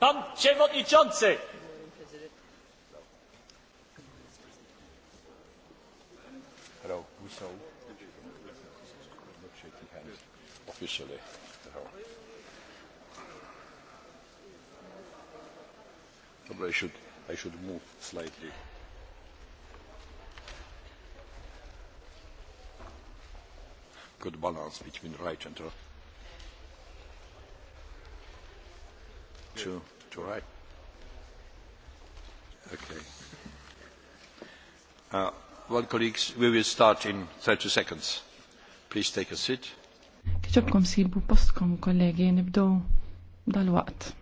Pan Przewodniczący! Hello, we saw not shaking hands officially. Probably I should, I should move slightly. Good balance between right and left. to, to write. Okay. Uh, well, colleagues, we will start in 30 seconds. Please take a seat. Kħiċabkom sibu postkom, kollegi, nibdow dal-waqt.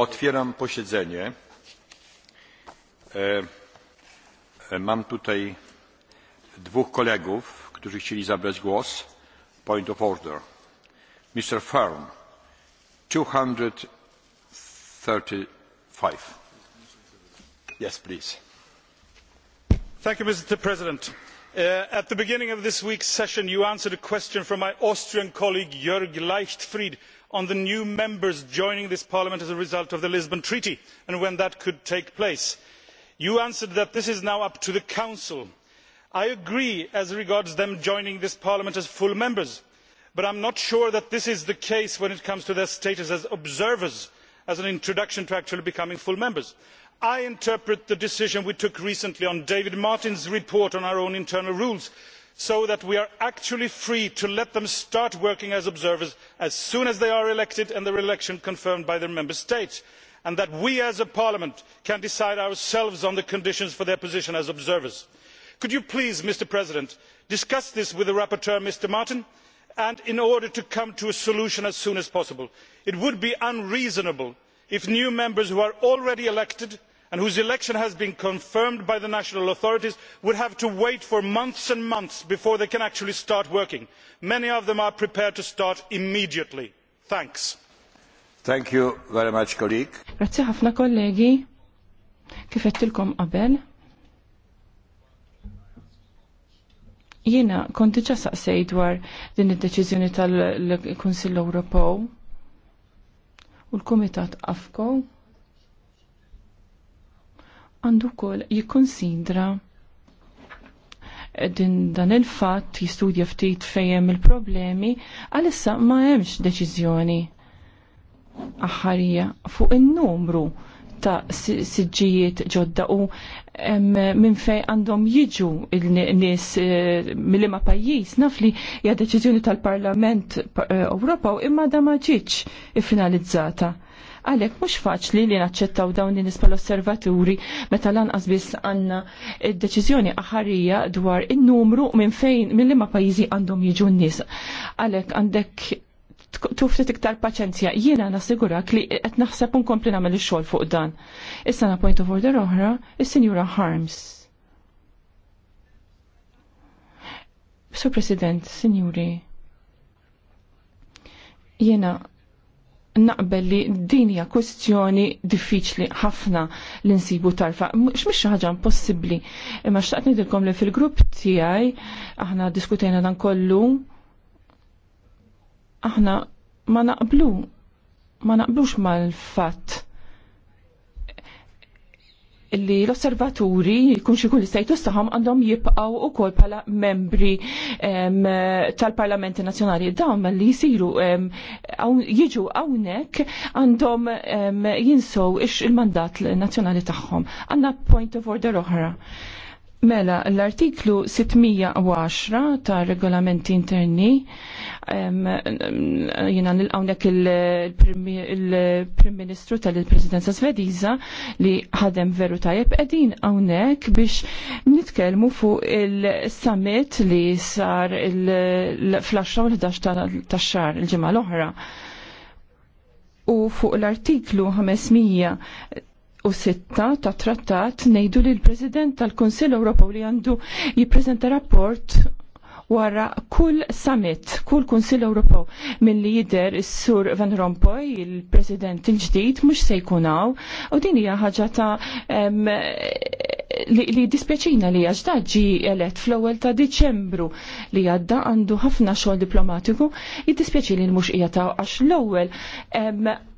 Otwieram posiedzenie. e, e mam tutaj dwóch kolegów, którzy chcieli zabrać głos. Point of order. Mr. Farm, 235. Yes, please. Thank you, Mr. President. Uh, at the beginning of this week's session, you answered a question from my Austrian colleague Jörg Leichtfried on the new members joining this parliament as a result of the Lisbon Treaty and when that could take place. You answered that this is now up to the Council i agree as regards them joining this parliament as full members but i am not sure that this is the case when it comes to their status as observers as an introduction to actually becoming full members. i interpret the decision we took recently on david martin's report on our own internal rules so that we are actually free to let them start working as observers as soon as they are elected and their election confirmed by their member state and that we as a parliament can decide ourselves on the conditions for their position as observers could you please mr president discuss this with the rapporteur mr martin in order to come to a solution as soon as possible? it would be unreasonable if new members who are already elected and whose election has been confirmed by the national authorities would have to wait for months and months before they can actually start working. many of them are prepared to start immediately. thanks. thank you very much colleague. Jiena konti ċa saqsej dwar din id-deċiżjoni tal-Kunsill Ewropew u l-Kumitat Afko għandu kol jikkonsidra din dan il-fatt jistudja ftit fejjem il-problemi, għalissa ma hemmx deċiżjoni aħħarija fuq in-numru ta' siġġijiet ġodda u minn fej għandhom jiġu il-nis eh, mill-ima pajjiż naf li hija deċiżjoni tal-Parlament eh, u imma da ma ġietx iffinalizzata. Għalek mhux faċli li naċċettaw dawn nis nies osservaturi meta lanqas biss għandna d-deċiżjoni aħarija dwar in-numru minn fejn mill-ima pajjiżi għandhom jiġu n-nies. Għalek għandek tufti iktar paċenzja. Jiena nassigurak li qed naħseb unkompli nagħmel ix-xogħol fuq dan. Issa na point of order oħra, is-Sinjura Harms. Sur President, Sinjuri, jiena naqbel li din hija kwestjoni diffiċli ħafna li nsibu tarfa. Mhux mhix xi ħaġa impossibbli. Imma xtaqt nidilkom li fil-grupp tiegħi aħna diskutejna dan kollu aħna ma naqblu ma naqblux mal-fatt li l-osservaturi jkun xikun li sejtu saħam għandhom jibqaw u kol pala membri tal-Parlamenti Nazjonali. Dawn li jisiru jiġu għawnek għandhom jinsow ix il-mandat nazjonali taħħom. Għanna point of order oħra. Mela, l-artiklu 610 ta' regolamenti interni jina nil-għawnek il-Prim Ministru tal-Presidenza Svediza li ħadem veru tajjeb edin għawnek biex nitkelmu fuq il-summit li sar fl-10 u l-11 ta' xar il-ġimgħa l-oħra. U fuq l-artiklu 500 sitta ta' trattat nejdu li l-President tal-Konsil Ewropew li għandu jippreżenta rapport wara kull summit, kull Kunsill Ewropew minn li jider is-Sur Van Rompuy, il-President il-ġdid, mhux se jkun hawn, u din hija ħaġa ta' li dispjaċina li għax daġġi elett fl-ewwel ta' Diċembru li għadda għandu ħafna xogħol diplomatiku, jiddispjaċi li mhux qiegħed għax l-ewwel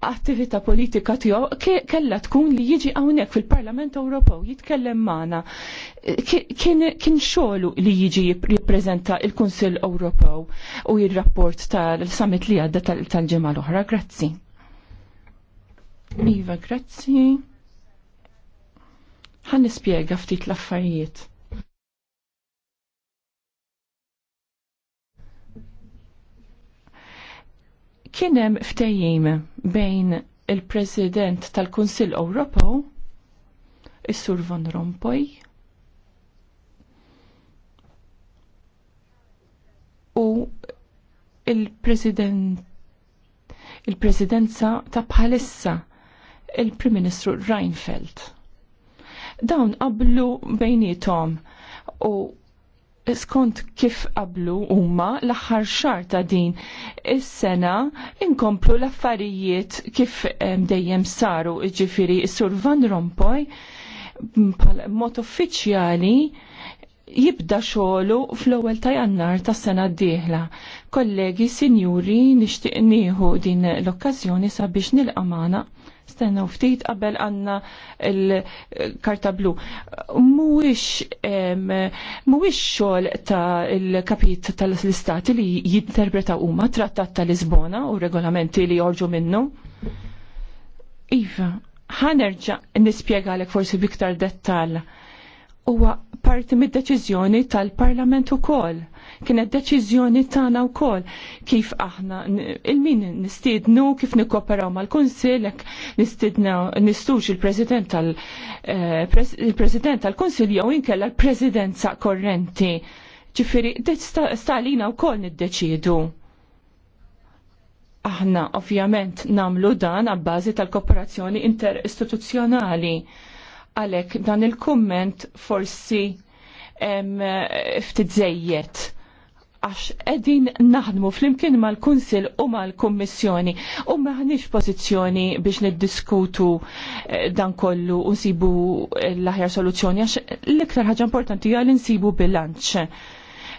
attività politika tiegħu kellha tkun li jiġi hawnhekk fil-Parlament Ewropew jitkellem magħna. Kien xogħlu li jiġi jippreżenta il-Kunsill Ewropew u jir-rapport tal-summit li għadda tal-ġimgħa l-oħra. Grazzi. Iva, grazzi. Ħan nispjega ftit l-affarijiet. Kienem ftejjim bejn il-President tal-Kunsill Ewropew, is-Sur Van Rompuy, u il-President il-Presidenza ta' bħalissa il-Prim Ministru Reinfeldt dawn qablu bejnietom u skont kif qablu huma l-aħħar xar ta' din is-sena inkomplu l-affarijiet kif dejjem saru ġifiri Sur Van Rompuy mod uffiċjali jibda xogħlu fl-ewwel ta' Jannar tas-sena d-dieħla. Kollegi, sinjuri, nixtieq nieħu din l-okkażjoni sabiex nil-qamana stenna ftit qabel għanna l-karta blu. Mhuwiex mhuwiex xogħol ta' il-kapit tal-istati li jinterpreta huma trattat tal-Lisbona u regolamenti li jorġu minnu. Iva, ħanerġa' għalek forsi biktar dettal huwa parti mid-deċiżjoni tal-Parlament ukoll. Kienet deċiżjoni tagħna wkoll kif aħna il-min nistiednu kif nikkoperaw mal-Kunsill hekk nistux il-President tal-President eh, tal-Kunsill jew inkella l-Presidenza korrenti. Ġifieri stalina wkoll niddeċiedu. Aħna ovvjament namlu dan għabbażi tal-kooperazzjoni interistituzzjonali. istituzzjonali Għalek dan il-komment forsi ftit zejjed għax edin naħdmu flimkien mal-Kunsil u mal-Kommissjoni u maħniex pozizjoni biex niddiskutu eh, dan kollu u nsibu l-aħjar soluzzjoni għax l-iktar ħaġa importanti għal nsibu bilanċ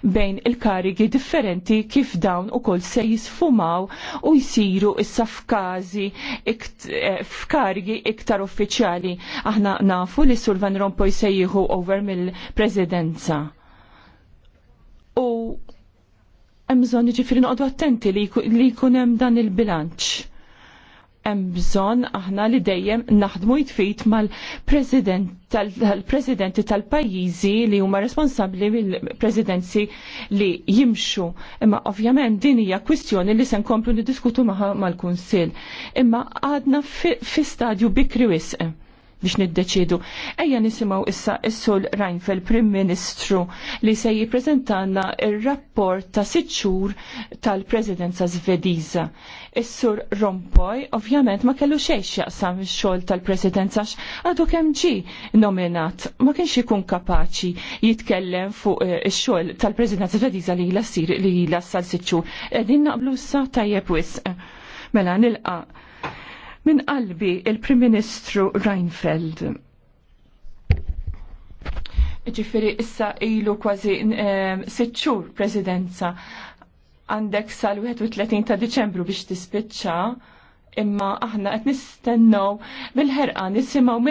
bejn il-karigi differenti kif dawn u kol se jisfumaw u jisiru issa f'kazi eh, f'karigi iktar uffiċjali. Aħna nafu li Sur Van Rompuy se jieħu over mill-prezidenza. U hemm bżonn jiġifieri noqogħdu attenti li jkun hemm dan il-bilanċ hemm bżonn aħna li dejjem naħdmu jitfit mal-president tal-presidenti tal-pajjiżi li huma responsabbli mill-presidenzi li jimxu. Imma ovvjament din hija kwistjoni li se nkomplu niddiskutu mal-Kunsill. Imma għadna fi stadju bikri wisq biex niddeċidu. Ejja nisimaw issa is-Sul Reinfeld, Prim Ministru, li se jiprezentanna ir-rapport ta' sitt xhur tal-Presidenza Svediża. Is-Sur Rompoy ovvjament ma kellu xejn x'jaqsam ix-xogħol tal-Presidenza għadu kemm ġi nominat ma kienx ikun kapaċi jitkellem fuq eh, ix-xogħol tal-Presidenza Svediża li jla ssir li jla sal sitt Qegħdin naqblu issa tajjeb wisq. Mela nilqa' minn qalbi il-Prim Ministru Reinfeld. Ġifiri issa ilu kważi um, sitxur presidenza għandek sal-31 ta' Diċembru biex tispiċċa imma aħna qed nistennew bil-ħerqa nisimgħu